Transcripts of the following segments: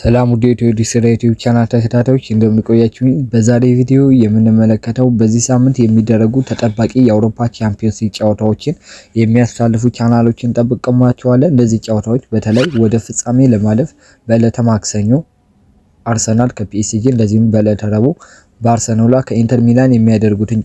ሰላም ውድ ኢትዮ ዲሽ ዩቲዩብ ቻናል ተከታታዮች እንደምንቆያችሁኝ፣ በዛሬ ቪዲዮ የምንመለከተው በዚህ ሳምንት የሚደረጉ ተጠባቂ የአውሮፓ ቻምፒዮንስ ሊግ ጨዋታዎችን የሚያስተላልፉ ቻናሎችን ጠብቀማቸዋለን። እነዚህ ጨዋታዎች በተለይ ወደ ፍጻሜ ለማለፍ በዕለተ ማክሰኞ አርሰናል ከፒኤስጂ እንደዚሁም በዕለተ ረቡዕ ባርሰሎና ከኢንተር ሚላን የሚያደርጉትን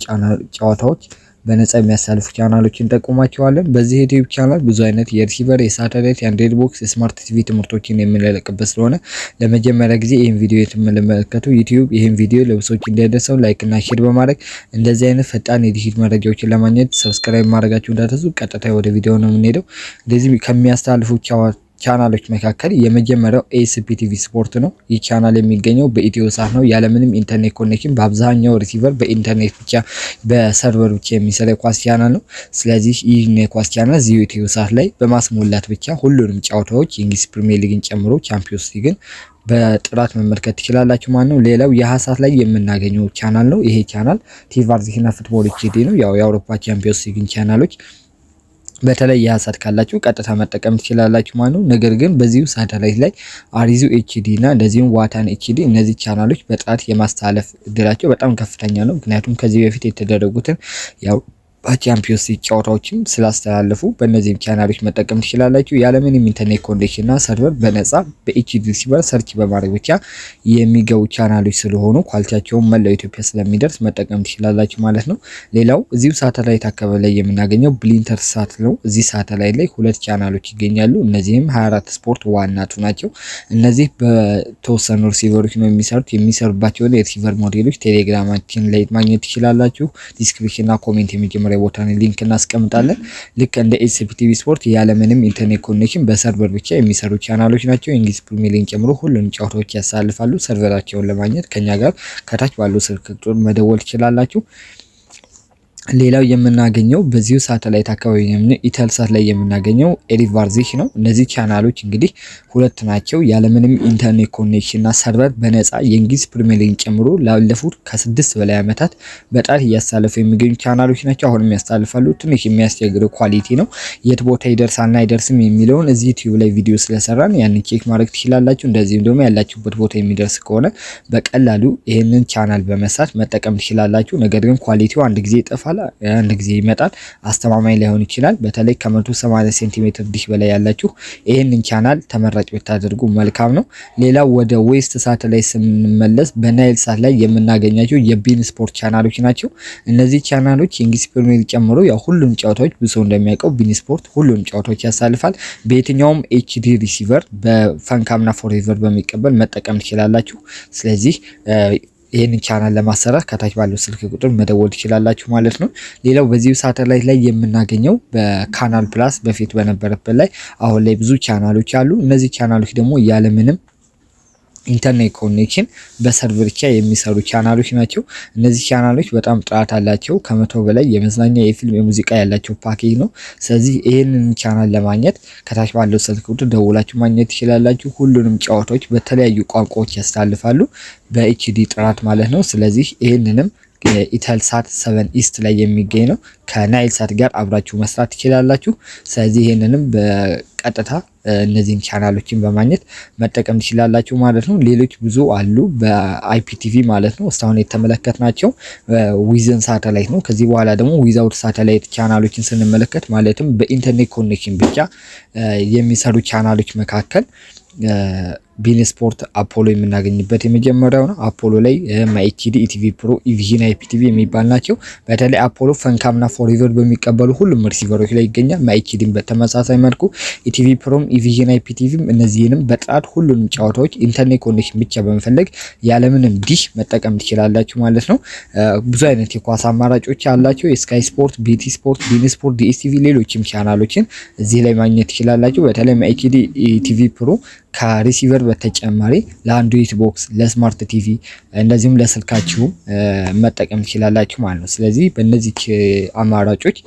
ጨዋታዎች በነጻ የሚያሳልፉ ቻናሎችን እንጠቁማቸዋለን። በዚህ ዩቲዩብ ቻናል ብዙ አይነት የሪሲቨር፣ የሳተላይት፣ የአንድሮይድ ቦክስ፣ የስማርት ቲቪ ትምህርቶችን የምንለቅበት ስለሆነ ለመጀመሪያ ጊዜ ይህን ቪዲዮ የምትመለከቱ ዩቲዩብ ይህን ቪዲዮ ለብሶች እንዲያደርሰው እና ሼር በማድረግ እንደዚህ አይነት ፈጣን የዲጂት መረጃዎችን ለማግኘት ሰብስክራይብ ማድረጋቸው እንዳትረሱ። ቀጥታ ወደ ቪዲዮ ነው የምንሄደው። እንደዚህ ከሚያስተላልፉ ቻዋ ቻናሎች መካከል የመጀመሪያው ኤስፒቲቪ ስፖርት ነው። ይህ ቻናል የሚገኘው በኢትዮ ሳት ነው፣ ያለምንም ኢንተርኔት ኮኔክሽን። በአብዛኛው ሪሲቨር በኢንተርኔት ብቻ በሰርቨር ብቻ የሚሰራ የኳስ ቻናል ነው። ስለዚህ ይህን የኳስ ቻናል ዚሁ ኢትዮ ሳት ላይ በማስሞላት ብቻ ሁሉንም ጨዋታዎች የእንግሊዝ ፕሪሚየር ሊግን ጨምሮ ቻምፒዮንስ ሊግን በጥራት መመልከት ትችላላችሁ ማለት ነው። ሌላው የሀሳት ላይ የምናገኘው ቻናል ነው። ይሄ ቻናል ቲቫርዚህና ፉትቦል ኤችዲ ነው። ያው የአውሮፓ ቻምፒዮንስ ሊግን ቻናሎች በተለይ ያ የሀሳድ ካላችሁ ቀጥታ መጠቀም ትችላላችሁ ማለት ነው። ነገር ግን በዚሁ ሳተላይት ላይ አሪዙ ኤችዲ እና እንደዚሁም ዋታን ኤችዲ እነዚህ ቻናሎች በጥራት የማስተላለፍ እድላቸው በጣም ከፍተኛ ነው። ምክንያቱም ከዚህ በፊት የተደረጉትን ያው በቻምፒዮንስ ሊግ ጨዋታዎችም ስላስተላለፉ በእነዚህም ቻናሎች መጠቀም ትችላላችሁ። ያለምንም ኢንተርኔት ኮንዴክሽን እና ሰርቨር በነጻ በኤችዲ ሲበር ሰርች በማድረግ ብቻ የሚገቡ ቻናሎች ስለሆኑ ኳሊቲያቸውን መላው ኢትዮጵያ ስለሚደርስ መጠቀም ትችላላችሁ ማለት ነው። ሌላው እዚሁ ሳተላይት አካባቢ ላይ የምናገኘው ብሊንተር ሳት ነው። እዚህ ሳተላይት ላይ ሁለት ቻናሎች ይገኛሉ። እነዚህም 24 ስፖርት ዋናቱ ናቸው። እነዚህ በተወሰኑ ሪሲቨሮች ነው የሚሰሩት። የሚሰሩባቸውን የሪሲቨር ሞዴሎች ቴሌግራማችን ላይ ማግኘት ትችላላችሁ። ዲስክሪፕሽንና ኮሜንት የመጀመሪያ መጀመሪያ ቦታ ሊንክ እናስቀምጣለን። ልክ እንደ ኤስፒቲቪ ስፖርት ያለምንም ኢንተርኔት ኮኔክሽን በሰርቨር ብቻ የሚሰሩ ቻናሎች ናቸው። የእንግሊዝ ፕሪሚየር ሊግን ጨምሮ ሁሉንም ጨዋታዎች ያሳልፋሉ። ሰርቨራቸውን ለማግኘት ከኛ ጋር ከታች ባለው ስልክ ቁጥር መደወል ትችላላችሁ። ሌላው የምናገኘው በዚሁ ሳተላይት አካባቢ ኢተልሳት ላይ የምናገኘው ኤሪቫር ዚህ ነው። እነዚህ ቻናሎች እንግዲህ ሁለት ናቸው። ያለምንም ኢንተርኔት ኮኔክሽን እና ሰርቨር በነፃ የእንግሊዝ ፕሪሚየር ሊግን ጨምሮ ላለፉት ከስድስት በላይ ዓመታት በጣት እያሳለፉ የሚገኙ ቻናሎች ናቸው። አሁንም ያሳልፋሉ። ትንሽ የሚያስቸግረው ኳሊቲ ነው። የት ቦታ ይደርሳልና አይደርስም የሚለውን እዚህ ዩቲዩብ ላይ ቪዲዮ ስለሰራን ያንን ቼክ ማድረግ ትችላላችሁ። እንደዚህም ደግሞ ያላችሁበት ቦታ የሚደርስ ከሆነ በቀላሉ ይህንን ቻናል በመስራት መጠቀም ትችላላችሁ። ነገር ግን ኳሊቲው አንድ ጊዜ ይጠፋል። በኋላ አንድ ጊዜ ይመጣል። አስተማማኝ ላይሆን ይችላል። በተለይ ከ180 ሴንቲሜትር ዲሽ በላይ ያላችሁ ይህንን ቻናል ተመራጭ ብታደርጉ መልካም ነው። ሌላው ወደ ዌስት ሳት ላይ ስንመለስ በናይል ሳት ላይ የምናገኛቸው የቢን ስፖርት ቻናሎች ናቸው። እነዚህ ቻናሎች የእንግሊዝ ፕሪሚየር ጨምሮ ያው ሁሉም ጨዋታዎች ብዙ እንደሚያውቀው ቢን ስፖርት ሁሉም ጨዋታዎች ያሳልፋል። በየትኛውም ኤችዲ ሪሲቨር በፈንካምና ፎሬቨር በሚቀበል መጠቀም ትችላላችሁ። ስለዚህ ይህንን ቻናል ለማሰራት ከታች ባለው ስልክ ቁጥር መደወል ትችላላችሁ ማለት ነው። ሌላው በዚህ ሳተላይት ላይ የምናገኘው በካናል ፕላስ በፊት በነበረበት ላይ አሁን ላይ ብዙ ቻናሎች አሉ። እነዚህ ቻናሎች ደግሞ ያለምንም ኢንተርኔት ኮኔክሽን በሰርቨር ብቻ የሚሰሩ ቻናሎች ናቸው። እነዚህ ቻናሎች በጣም ጥራት አላቸው። ከመቶ በላይ የመዝናኛ፣ የፊልም፣ የሙዚቃ ያላቸው ፓኬጅ ነው። ስለዚህ ይህንን ቻናል ለማግኘት ከታች ባለው ስልክ ቁጥር ደውላችሁ ማግኘት ትችላላችሁ። ሁሉንም ጨዋታዎች በተለያዩ ቋንቋዎች ያስተላልፋሉ፣ በኤችዲ ጥራት ማለት ነው። ስለዚህ ይህንንም ኢተልሳት ሰቨን ኢስት ላይ የሚገኝ ነው። ከናይል ሳት ጋር አብራችሁ መስራት ትችላላችሁ። ስለዚህ ይህንንም በቀጥታ እነዚህን ቻናሎችን በማግኘት መጠቀም ትችላላችሁ ማለት ነው። ሌሎች ብዙ አሉ በአይፒቲቪ ማለት ነው። እስካሁን የተመለከትናቸው ዊዝን ሳተላይት ነው። ከዚህ በኋላ ደግሞ ዊዛውት ሳተላይት ቻናሎችን ስንመለከት ማለትም በኢንተርኔት ኮኔክሽን ብቻ የሚሰሩ ቻናሎች መካከል ቢን ስፖርት አፖሎ የምናገኝበት የመጀመሪያው ነው። አፖሎ ላይ ማይቲዲ፣ ኢቲቪ ፕሮ፣ ኢቪዥን፣ አይፒቲቪ የሚባል ናቸው። በተለይ አፖሎ ፈንካምና ፎሪቨር በሚቀበሉ ሁሉም ሪሲቨሮች ላይ ይገኛል። ማይቲዲን በተመሳሳይ መልኩ ኢቲቪ ፕሮም፣ ኢቪዥን፣ አይፒቲቪም እነዚህንም በጥራት ሁሉንም ጨዋታዎች ኢንተርኔት ኮኔክሽን ብቻ በመፈለግ ያለምንም ዲሽ መጠቀም ትችላላችሁ ማለት ነው። ብዙ አይነት የኳስ አማራጮች አላቸው። የስካይ ስፖርት፣ ቢቲ ስፖርት፣ ቢን ስፖርት፣ ዲኤስቲቪ ሌሎችም ቻናሎችን እዚህ ላይ ማግኘት ትችላላችሁ። በተለይ ማይቲዲ ኢቲቪ ፕሮ ከሪሲቨር በተጨማሪ ለአንድሮይድ ቦክስ፣ ለስማርት ቲቪ እንደዚሁም ለስልካችሁ መጠቀም ትችላላችሁ ማለት ነው። ስለዚህ በእነዚህ አማራጮች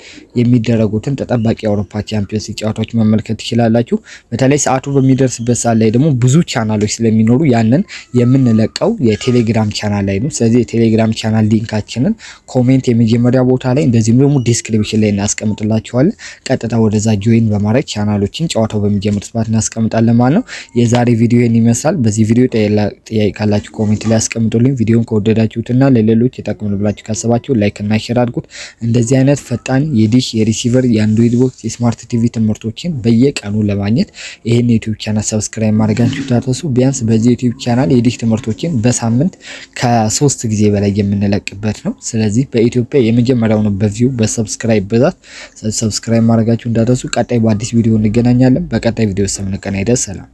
የሚደረጉትን ተጠባቂ የአውሮፓ ቻምፒዮንስ ጨዋታዎች መመልከት ትችላላችሁ። በተለይ ሰዓቱ በሚደርስበት ሰዓት ላይ ደግሞ ብዙ ቻናሎች ስለሚኖሩ ያንን የምንለቀው የቴሌግራም ቻናል ላይ ነው። ስለዚህ የቴሌግራም ቻናል ሊንካችንን ኮሜንት የመጀመሪያ ቦታ ላይ እንደዚሁም ደግሞ ዲስክሪፕሽን ላይ እናስቀምጥላችኋለን። ቀጥታ ወደዛ ጆይን በማድረግ ቻናሎችን ጨዋታው በሚጀምር ስባት እናስቀምጣለን ማለት ነው። የዛሬ ቪዲዮ ይህን ይመስላል። በዚህ ቪዲዮ ጥያቄ ካላችሁ ኮሜንት ላይ አስቀምጡልኝ። ቪዲዮን ከወደዳችሁትና ለሌሎች ይጠቅማል ብላችሁ ካሰባችሁ ላይክ እና ሼር አድርጉት። እንደዚህ አይነት ፈጣን የዲሽ የሪሲቨር፣ የአንድሮይድ ቦክስ፣ የስማርት ቲቪ ትምህርቶችን በየቀኑ ለማግኘት ይህን ዩቲዩብ ቻናል ሰብስክራይብ ማድረጋችሁ ታተሱ። ቢያንስ በዚህ ዩቲዩብ ቻናል የዲሽ ትምህርቶችን በሳምንት ከሶስት ጊዜ በላይ የምንለቅበት ነው። ስለዚህ በኢትዮጵያ የመጀመሪያው ነው በቪው በሰብስክራይብ ብዛት። ሰብስክራይብ ማድረጋችሁ እንዳትረሱ። ቀጣይ በአዲስ ቪዲዮ እንገናኛለን። በቀጣይ ቪዲዮ እስከምንገናኝ ድረስ ሰላም።